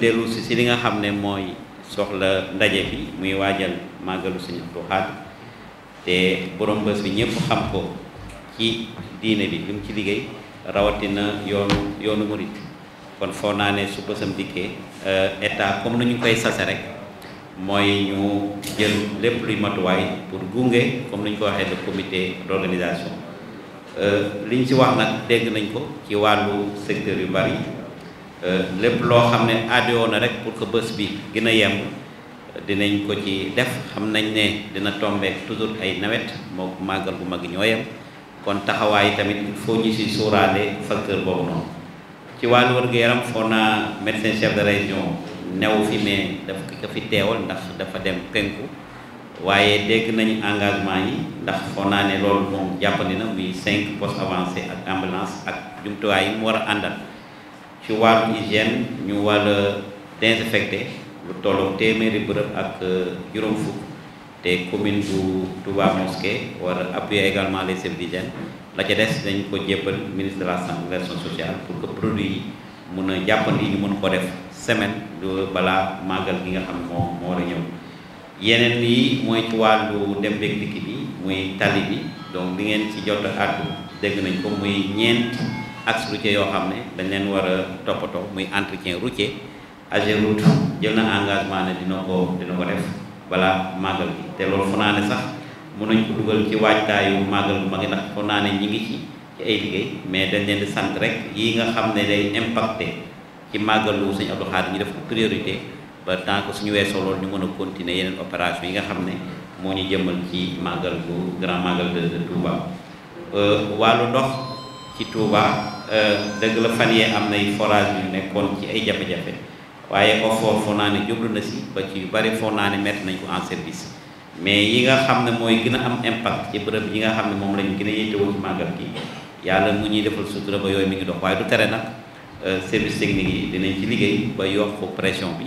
ñu si li nga xam ne mooy soxla ndaje bi muy waajal màggalu Sëñ Abdu Xaadir te borom bés bi ñëpp xam ko ci diine bi li mu ci liggéey rawatina yoonu yoonu murit kon foo naa ne su bësam dikkee euh, état comme nañu koy sase rek mooy ñu jël lépp luy matuwaay pour gunge comme nañu ko waxee le comité d'organisation euh, liñ ci wax nag dégg nañ ko ci wàllu secteur yu bari Euh, lépp loo xam ne adio na rek pour que bés bi gën a yemb dinañ ko ci def xam nañ ne dina tombeek toujours ay nawet moo màggal bu mag ñoo yem kon taxawaay tamit foo faut ñu si suuraale facteur boobu noonu ci wàllu wér-gu-yaram foo naa médecin chef de région new fi mais daf ko fi teewal ndax dafa dem penku waaye dégg nañu engagement yi ndax foo naa ne loolu moom jàppandi na muy cinq postes avancés ak ambulance ak jumtuwaay yi mu war a àndal ci wàllu hygiène ñu war a désinfecté lu tolloog téeméeri bërëb ak euh, juróom fukk te commune bu Touba Mosquée war a également les services d'hygiène la ca des dañ ko jébbal ministre de la santé de sociale pour que produit yi mun a jàppandi ñu mën ko def semaine balaa màggal gi nga xam moo moo war a ñëw yeneen yi mooy ci wàllu dem beeg dikk bi muy tali bi donc li ngeen ci jot a dégg nañ ko muy ñeent. axe routier yoo xam ne dañ leen war a toppatoo muy entretien routier AGEROUTE jël na engagement ne dina ko dina ko def balaa màggal gi te loolu foog naa ne sax mën nañ ko dugal ci waajtaayu màggal bu mag ndax foog naa ne ñi ngi ci ci ay liggéey mais dañ leen di sant rek yi nga xam ne day impacté ci màggalu Sëñ Abdou Khadre ñu def ko priorité ba tant que suñu weesoo loolu ñu mën a continuer yeneen opération yi nga xam ne moo ñu jëmal ci màggal bu grand màggal ci Touba euh, dëgg la fan yee am nay forage yu nekkoon ci ay jafe-jafe waaye OFOR foog naa ne jublu na si ba ci yu bari foog naa ne mettre nañ ko en service mais yi nga xam ne mooy gën a am impact ci bërëb yi nga xam ne moom lañ gën a yéetewoo ci màggal gi yàlla mu ñuy defal sutura ba yooyu mi ngi dox waaye du tere nag euh, service technique yi dinañ ci liggéey ba yokku pression bi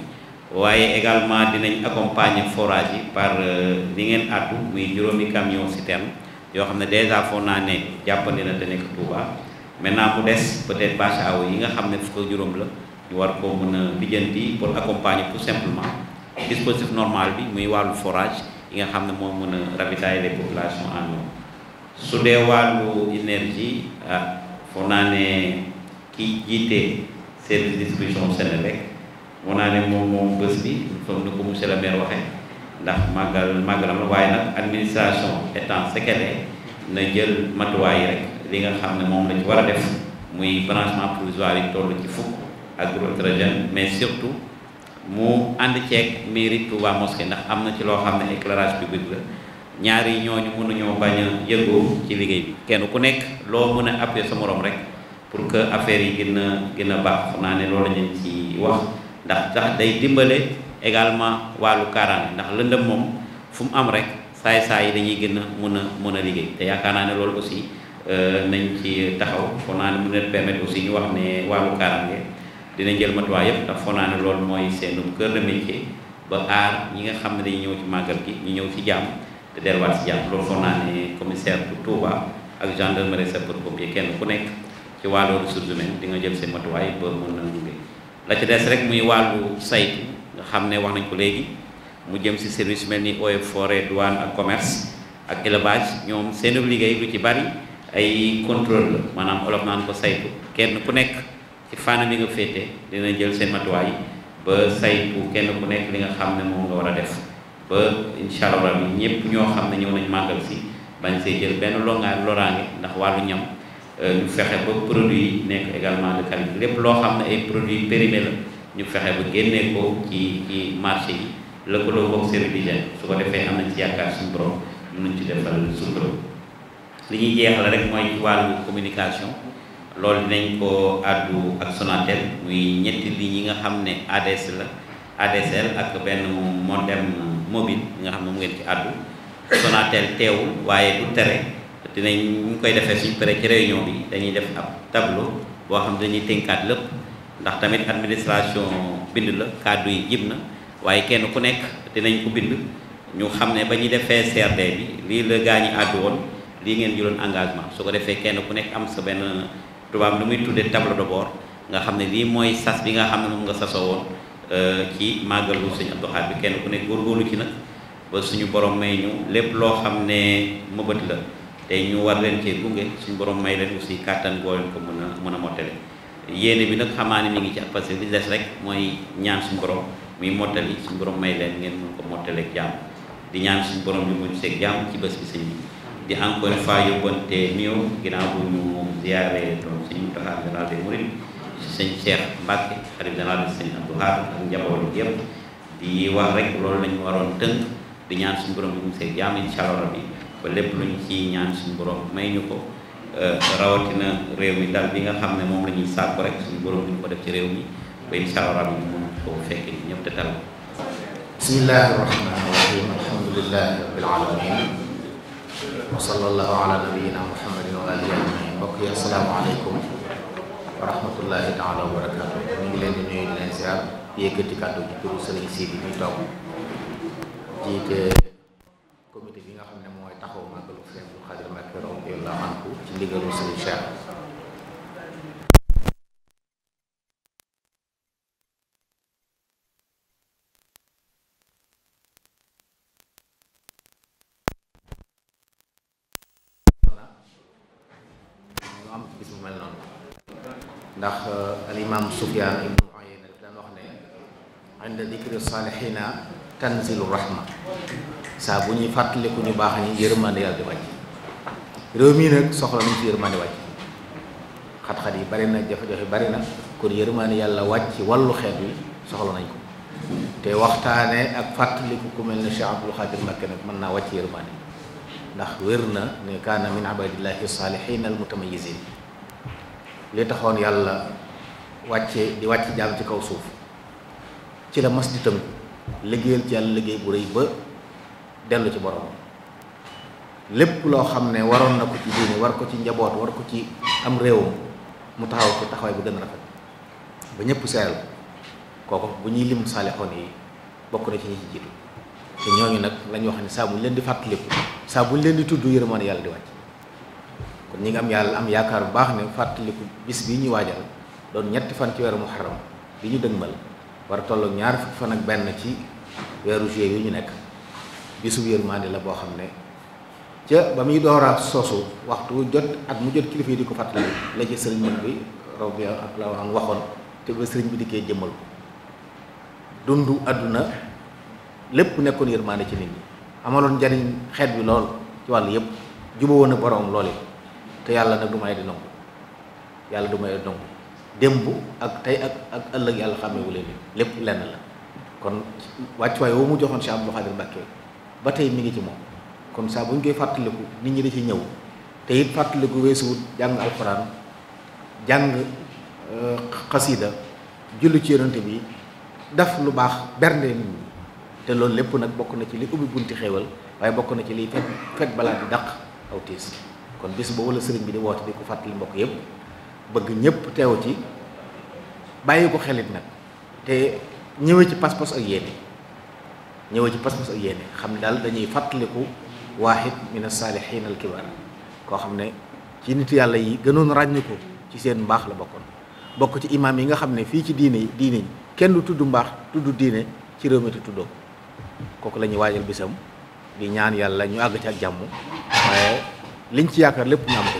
waaye également dinañ accompagner forage yi par li euh, ngeen àddu muy juróomi camion citerne yoo xam ne dèjà foog naa ne jàppandi na te nekk Touba maintenant mu des peut-être bâche yi nga xam ne fukk ak juróom la ñu war koo mën a lijjanti pour accompagner tout simplement dispositif normal bi muy wàllu forage yi nga xam ne moo mën a ravitailler les populations en eau su dee wàllu énergie ah foog naa ne kiy jiite service distribution Senelec moo naa ne moom moom bés bi comme ko mu le maire ndax màggal màggalam la waaye nag administration étant secrétaire na jël matuwaay rek li nga xam ne moom la ci war a def muy branchement provisoire yi toll ci fukk ak groupe électrogène mais surtout mu ànd ceeg mairie waa mosquée ndax am na ci loo xam ne éclairage public la ñaari ñooñu mënuñoo bañ a yëngoo ci liggéey bi kenn ku nekk loo mën a appuyer sa morom rek pour que affaire yi gën a gën a baax naa ne loolu lañ ci wax ndax tax day dimbale. également wàllu kaaraange ndax lëndëm moom fu mu am rek saay saay yi dañuy gën a mën a mën a liggéey te yaakaar naa ne loolu aussi euh, nañ ci taxaw foog naa ne mu leen permettre aussi ñu wax ne wàllu kaaraange dina jël matuwaay yépp ndax foog naa ne loolu mooy seen cœur de ba aar ñi nga xam ne dañuy ñëw ci màggal gi ñu ñëw ci ci jàmm loolu foog naa ne commissaire bu Touba ak gendarmerie sapeurs kenn ku nekk ci wàllu ressources humaines di nga jël seen matuwaay ba mën na liggéey la ci des rek muy wàllu saytu. nga xam ne wax nañ ko léegi mu jëm si service mel ni eaux et forêt ak commerce ak élevage ñoom seen liggéey lu ci bari ay contrôle la maanaam olof naan ko saytu kenn ku nekk ci fànn bi nga féete dina jël seen matuwaay ba saytu kenn ku nekk li nga xam ne moom nga war a def ba incha allah bi ñëpp ñoo xam ne ñëw nañ màggal si bañ see jël benn longaay loraange ndax wàllu ñam euh, ñu fexe ba produit yi nekk également de qualité lépp loo xam ne ay produits périmés ñu fexe ba génnee ko ci ci marché yi lëkkaloo koog service d'hygiène su ko defee am nañ ci yaakaar suñu borom mën nañ ci defal suñu borom li ñuy jeexal rek mooy ci communication loolu dinañ ko àddu ak Sonatel muy ñetti lignes yi nga xam ne ADS la ak benn modem mobile yi xam ne mu ngeen ci àddu Sonatel teewul waaye du tere dinañ ñu koy defee suñ pare ci réunion bi dañuy def ab tableau boo xam dañuy tënkaat lépp ndax tamit administration bind la kàddu yi jib na waaye kenn ku nekk dinañ ko bind ñu xam ne ba ñuy defee CRD bi lii la gaa ñi àddu woon lii ngeen jëloon engagement su ko defee kenn ku nekk am sa benn tubaab lu muy tuddee tableau de nga xam ne lii mooy sas bi nga xam ne moom nga sasoo woon euh, ci màggalu Sëñ Abdou Khadr bi kenn ku nekk góorgóorlu ci na ba suñu borom may ñu lépp loo xam ne mëbët la te ñu war leen cee gunge suñu borom may leen aussi kàttan goo leen mën a mën a yéene bi nag xamaa ne mi ngi ci parce que li des rek mooy ñaan suñu borom muy mottali suñ borom may leen ngeen mun ko mottaleeg jàmm di ñaan suñu borom ñu muñ seeg jàmm ci bés bi sëñ bi di encore une fois yóbbante néew ginnaaw bu ñu ziyaare doon sëñ Mountakha général des Mourides sëñ Cheikh Mbacke xarit général wax rek loolu lañu waroon tënk di ñaan suñu borom ñu muñ seeg jàmm incha allah lépp luñ ci ñaan suñu borom may ñu ko Eh, rawatina réew mi dal bi nga xam ne moom la ñuy sàkku rek suñu borom bi ñu ko def ci réew mi ba incha allah rabbi ñu mën ko fekke ni ñëpp te tal bismillahi rahmani rahim alhamdulillahi rabbil alamin wa sallallahu ala nabiyyina muhammadin wa alihi ajmain mbokk yi assalaamu aleykum wa rahmatullahi taala wa barakatuh ñu ngi leen di nuyu di leen siyaar yëkkati kàddu gi turu sëriñ si bi ñu toog jiite këru sëñ Cheikh ndax euh, alimaam Sufyaan ibnu Uyayna daan wax ne inda dikri saalihiina tanzilu rahma saa bu ñuy fàttaliku ñu baax ñi yërmande yàlla di wàcc réew mii nag soxla nañ fi yërmaande wàcc xat-xat yi bari na jafe-jafe bari na kon yërmaande yàlla wàcc wàllu xeet wi soxla nañ ko te waxtaane ak fàttaliku ku mel ne Cheikh Abdoul Khadir Mbacké nag mën naa wàcc yërmaande ndax wér na ne kaana min abadillahi salihin al mutamayisin li taxoon yàlla wàcce di wàcc jàll ci kaw suuf ci la mas liggéeyal ci yàlla liggéey bu rëy ba dellu ci borom lépp loo xam ne waroon na ko ci diine war ko ci njaboot war ko ci am réewam mu taxaw ci taxawaay bu gën rafet ba ñëpp seeral kooku bu ñuy lim saalixoon yi bokk na ci ñi ci jiitu te ñooñu nag lañu wax ne saa bu leen di fàttaliku saa bu leen di tudd yërmande yàlla di wàcc kon ñi ngi am yàlla am yaakaar bu baax ne fàttaliku bis bi ñuy waajal doon ñetti fan ci weeru muharram bi ñu dëgmal war a tolloog ñaar fukki fan ak benn ci weeru juillet yu ñu nekk bisub yërmande la boo xam ne. ca ba muy dooraa soosu waxtu jot at mu jot kilifa yi di ko fàttali la ci sëriñ mën bi raw bi la waxoon te ba bi dikkee jëmmal ko dundu àdduna lépp nekkoon yërmaande ci nit ñi amaloon njariñ xeet bi lool ci wàll yëpp jubawoon na boroom lool te yàlla nag du may di dong yàlla du may di dong démb ak tey ak ak ëllëg yàlla xàmmewu leen lépp lenn la kon wàccuwaay woo mu joxoon Cheikh Abdou Khadir Mbacké ba tey mi ngi ci moom kon saa bu ñu koy fàttaliku nit ñi da ci ñëw te it fàttaliku weesuwut jàng alxuraan jàng euh, xasida julli ci yonante bi daf lu baax bernde nit ñi te loolu lépp nag bokk na ci li ubbi bunti xéewal waaye bokk na ci liy fet fet balaa di dàq aw tiis kon bis boobu la sëriñ bi di woote di ko fàttali mbokk yépp bëgg ñëpp teew ci bàyyi ko xelit nag te ñëwee ci pas-pas ak yéene ñëwee ci pas-pas ak yéene xam ne daal dañuy fàttaliku waahid min as-saalihiin al-kibaar koo xam ne ci nit yàlla yi gënoon ko ci seen mbaax la bokkoon bokk ci imaam yi nga xam ne fii ci diine yi diine yi kenn du tudd mbaax tudd diine ci réew mi te tuddoo kooku la ñuy waajal bisam di ñaan yàlla ñu àgg ci ak jàmm waaye liñ ci yaakaar lépp ñu am ko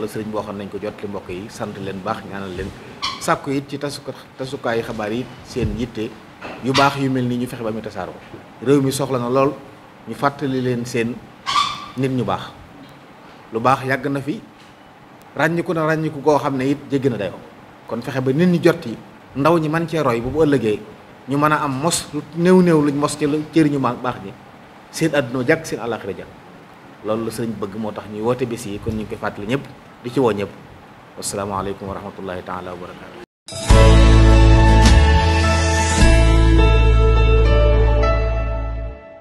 la sëriñ boo xam nañ ko jot li mbokk yi sant leen baax ñaanal leen sàkku it ci tasu tasukaayu xabaar yi seen yitte yu baax yu mel nii ñu fexe ba muy tasaaroo réew mi soxla na lool ñu fàttali leen seen nit ñu baax lu baax yàgg na fi ràññiku na ràññiku koo xam ne it jéggi na dayoo kon fexe ba nit ñi jot yi ndaw ñi man cee roy bu bu ëllëgee ñu mën a am mos new néew néew luñ mos ci lu jëriñu ma baax ñi seen àdduna jàkk seen àllaaxira ja loolu la sëriñ bëgg moo tax ñuy woote bis yi kon ñu koy fàttali ñëpp di ci woo ñëpp wasalaamaaleykum wa rahmatullahi taala wa barakaatu